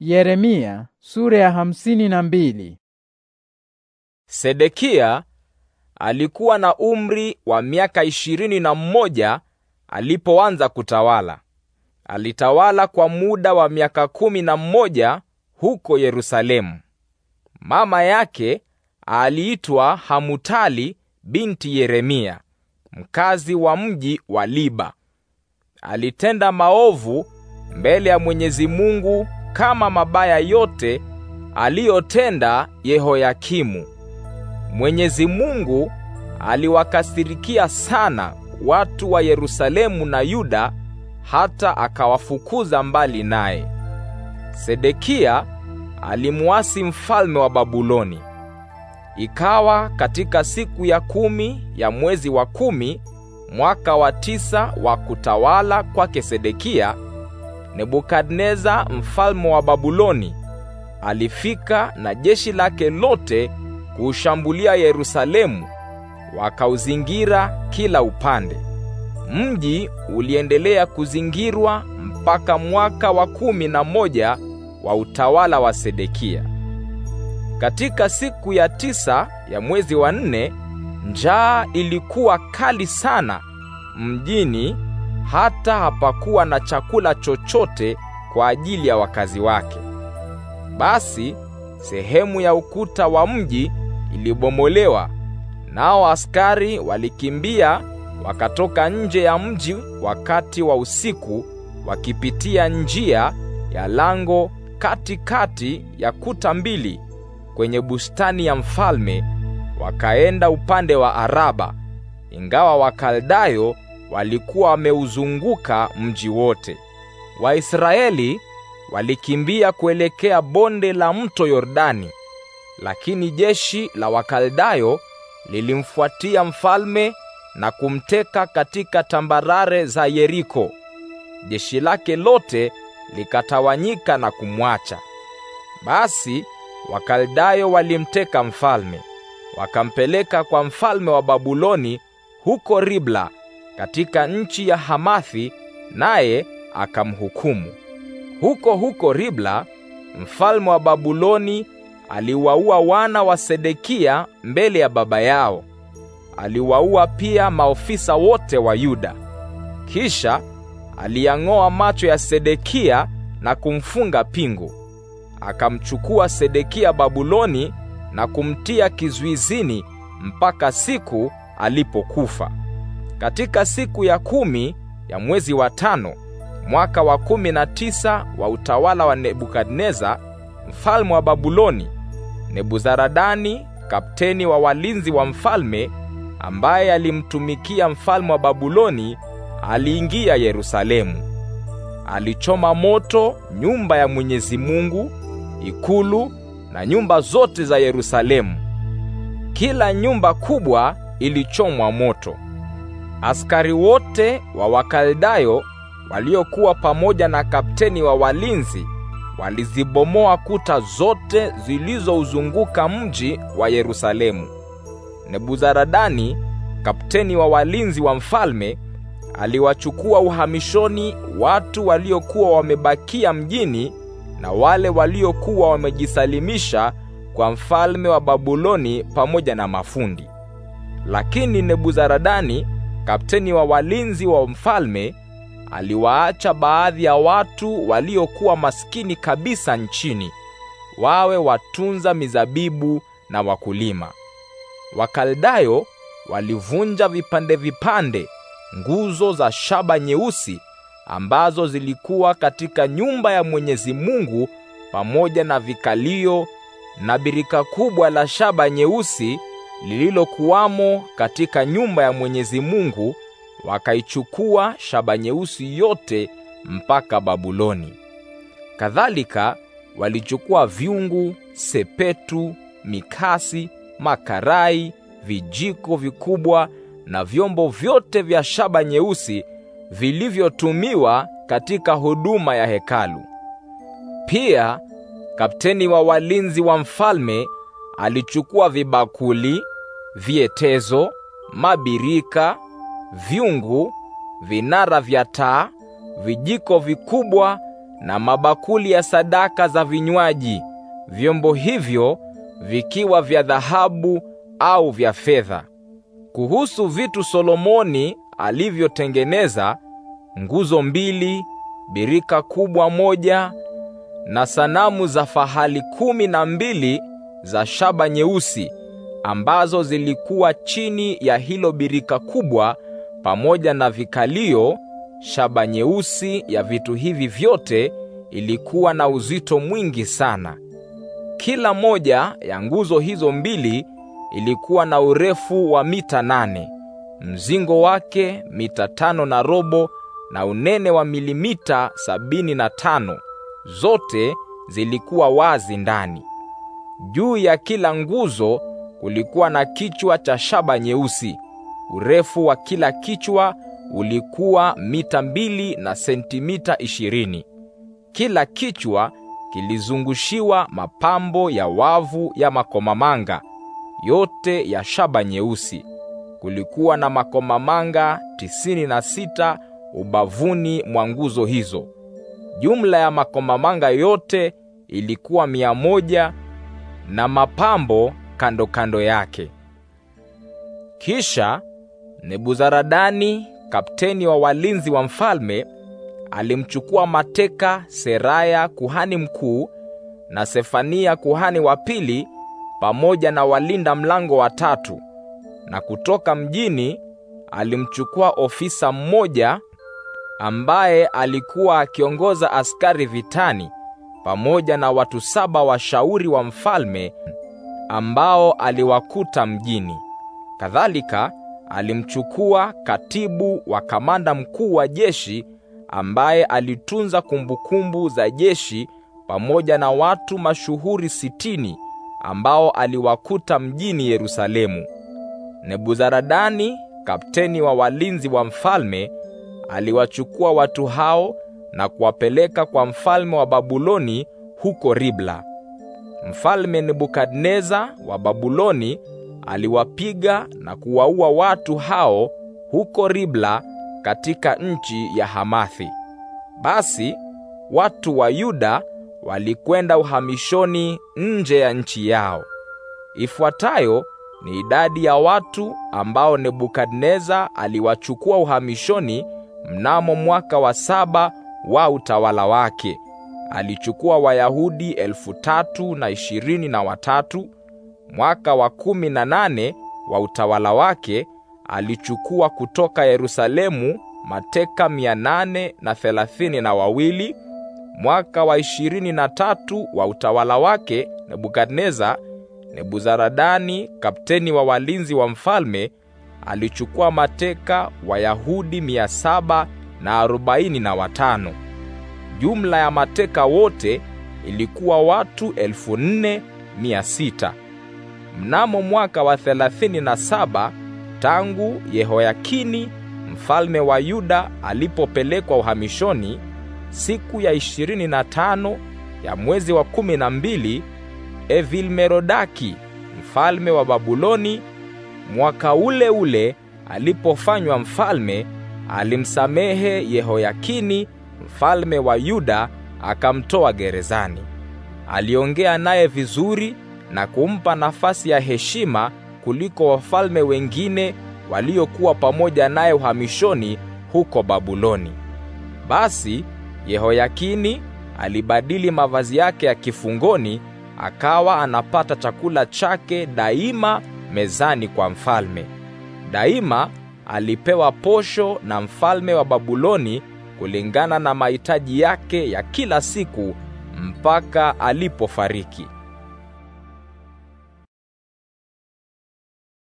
Yeremia sura ya hamsini na mbili. Sedekia alikuwa na umri wa miaka ishirini na mmoja alipoanza kutawala. Alitawala kwa muda wa miaka kumi na mmoja huko Yerusalemu. Mama yake aliitwa Hamutali binti Yeremia, mkazi wa mji wa Liba. Alitenda maovu mbele ya Mwenyezi Mungu kama mabaya yote aliyotenda Yehoyakimu. Mwenyezi Mungu aliwakasirikia sana watu wa Yerusalemu na Yuda hata akawafukuza mbali naye. Sedekia alimuasi mfalme wa Babuloni. Ikawa katika siku ya kumi ya mwezi wa kumi mwaka wa tisa wa kutawala kwake Sedekia Nebukadneza mfalme wa Babuloni alifika na jeshi lake lote kuushambulia Yerusalemu, wakauzingira kila upande. Mji uliendelea kuzingirwa mpaka mwaka wa kumi na moja wa utawala wa Sedekia. Katika siku ya tisa ya mwezi wa nne, njaa ilikuwa kali sana mjini hata hapakuwa na chakula chochote kwa ajili ya wakazi wake. Basi sehemu ya ukuta wa mji ilibomolewa, nao askari walikimbia wakatoka nje ya mji wakati wa usiku, wakipitia njia ya lango katikati ya kuta mbili kwenye bustani ya mfalme, wakaenda upande wa Araba, ingawa Wakaldayo walikuwa wameuzunguka mji wote. Waisraeli walikimbia kuelekea bonde la mto Yordani, lakini jeshi la Wakaldayo lilimfuatia mfalme na kumteka katika tambarare za Yeriko. Jeshi lake lote likatawanyika na kumwacha. Basi Wakaldayo walimteka mfalme, wakampeleka kwa mfalme wa Babuloni huko Ribla katika nchi ya Hamathi, naye akamhukumu. Huko huko Ribla mfalme wa Babuloni aliwaua wana wa Sedekia mbele ya baba yao. Aliwaua pia maofisa wote wa Yuda. Kisha aliyang'oa macho ya Sedekia na kumfunga pingu. Akamchukua Sedekia Babuloni na kumtia kizuizini mpaka siku alipokufa katika siku ya kumi ya mwezi wa tano mwaka wa kumi na tisa wa utawala wa Nebukadneza mfalme wa Babuloni, Nebuzaradani kapteni wa walinzi wa mfalme ambaye alimtumikia mfalme wa Babuloni aliingia Yerusalemu. Alichoma moto nyumba ya Mwenyezi Mungu, ikulu na nyumba zote za Yerusalemu. Kila nyumba kubwa ilichomwa moto. Askari wote wa Wakaldayo waliokuwa pamoja na kapteni wa walinzi walizibomoa kuta zote zilizouzunguka mji wa Yerusalemu. Nebuzaradani, kapteni wa walinzi wa mfalme, aliwachukua uhamishoni watu waliokuwa wamebakia mjini na wale waliokuwa wamejisalimisha kwa mfalme wa Babuloni pamoja na mafundi. Lakini Nebuzaradani kapteni wa walinzi wa mfalme aliwaacha baadhi ya watu waliokuwa maskini kabisa nchini wawe watunza mizabibu na wakulima. Wakaldayo walivunja vipande vipande nguzo za shaba nyeusi ambazo zilikuwa katika nyumba ya Mwenyezi Mungu pamoja na vikalio na birika kubwa la shaba nyeusi lililokuwamo katika nyumba ya Mwenyezi Mungu, wakaichukua shaba nyeusi yote mpaka Babuloni. Kadhalika walichukua vyungu, sepetu, mikasi, makarai, vijiko vikubwa na vyombo vyote vya shaba nyeusi vilivyotumiwa katika huduma ya hekalu. Pia kapteni wa walinzi wa mfalme alichukua vibakuli vietezo, mabirika, vyungu, vinara vya taa, vijiko vikubwa na mabakuli ya sadaka za vinywaji, vyombo hivyo vikiwa vya dhahabu au vya fedha. Kuhusu vitu Solomoni alivyotengeneza, nguzo mbili, birika kubwa moja na sanamu za fahali kumi na mbili za shaba nyeusi ambazo zilikuwa chini ya hilo birika kubwa, pamoja na vikalio. Shaba nyeusi ya vitu hivi vyote ilikuwa na uzito mwingi sana. Kila moja ya nguzo hizo mbili ilikuwa na urefu wa mita nane, mzingo wake mita tano na robo na unene wa milimita sabini na tano. Zote zilikuwa wazi ndani. Juu ya kila nguzo kulikuwa na kichwa cha shaba nyeusi. Urefu wa kila kichwa ulikuwa mita mbili na sentimita ishirini. Kila kichwa kilizungushiwa mapambo ya wavu ya makomamanga yote ya shaba nyeusi. Kulikuwa na makomamanga tisini na sita ubavuni mwa nguzo hizo. Jumla ya makomamanga yote ilikuwa mia moja na mapambo kando kando yake. Kisha Nebuzaradani, kapteni wa walinzi wa mfalme, alimchukua mateka Seraya kuhani mkuu na Sefania kuhani wa pili pamoja na walinda mlango watatu, na kutoka mjini alimchukua ofisa mmoja ambaye alikuwa akiongoza askari vitani pamoja na watu saba washauri wa mfalme ambao aliwakuta mjini. Kadhalika alimchukua katibu wa kamanda mkuu wa jeshi ambaye alitunza kumbukumbu za jeshi pamoja na watu mashuhuri sitini ambao aliwakuta mjini Yerusalemu. Nebuzaradani, kapteni wa walinzi wa mfalme, aliwachukua watu hao na kuwapeleka kwa mfalme wa Babuloni huko Ribla. Mfalme Nebukadneza wa Babuloni aliwapiga na kuwaua watu hao huko Ribla katika nchi ya Hamathi. Basi watu wa Yuda walikwenda uhamishoni nje ya nchi yao. Ifuatayo ni idadi ya watu ambao Nebukadneza aliwachukua uhamishoni mnamo mwaka wa saba wa utawala wake alichukua Wayahudi elfu tatu na ishirini na watatu. Mwaka wa kumi na nane wa utawala wake alichukua kutoka Yerusalemu mateka mia nane na thelathini na wawili. Mwaka wa ishirini na tatu wa utawala wake Nebukadneza, Nebuzaradani kapteni wa walinzi wa mfalme alichukua mateka Wayahudi mia saba na arobaini na watano. Jumla ya mateka wote ilikuwa watu elfu nne mia sita. Mnamo mwaka wa thelathini na saba tangu Yehoyakini mfalme wa Yuda alipopelekwa uhamishoni, siku ya ishirini na tano ya mwezi wa kumi na mbili Evilmerodaki mfalme wa Babuloni, mwaka ule ule alipofanywa mfalme, alimsamehe Yehoyakini mfalme wa Yuda akamtoa gerezani. Aliongea naye vizuri na kumpa nafasi ya heshima kuliko wafalme wengine waliokuwa pamoja naye uhamishoni huko Babuloni. Basi Yehoyakini alibadili mavazi yake ya kifungoni, akawa anapata chakula chake daima mezani kwa mfalme. Daima alipewa posho na mfalme wa Babuloni kulingana na mahitaji yake ya kila siku mpaka alipofariki.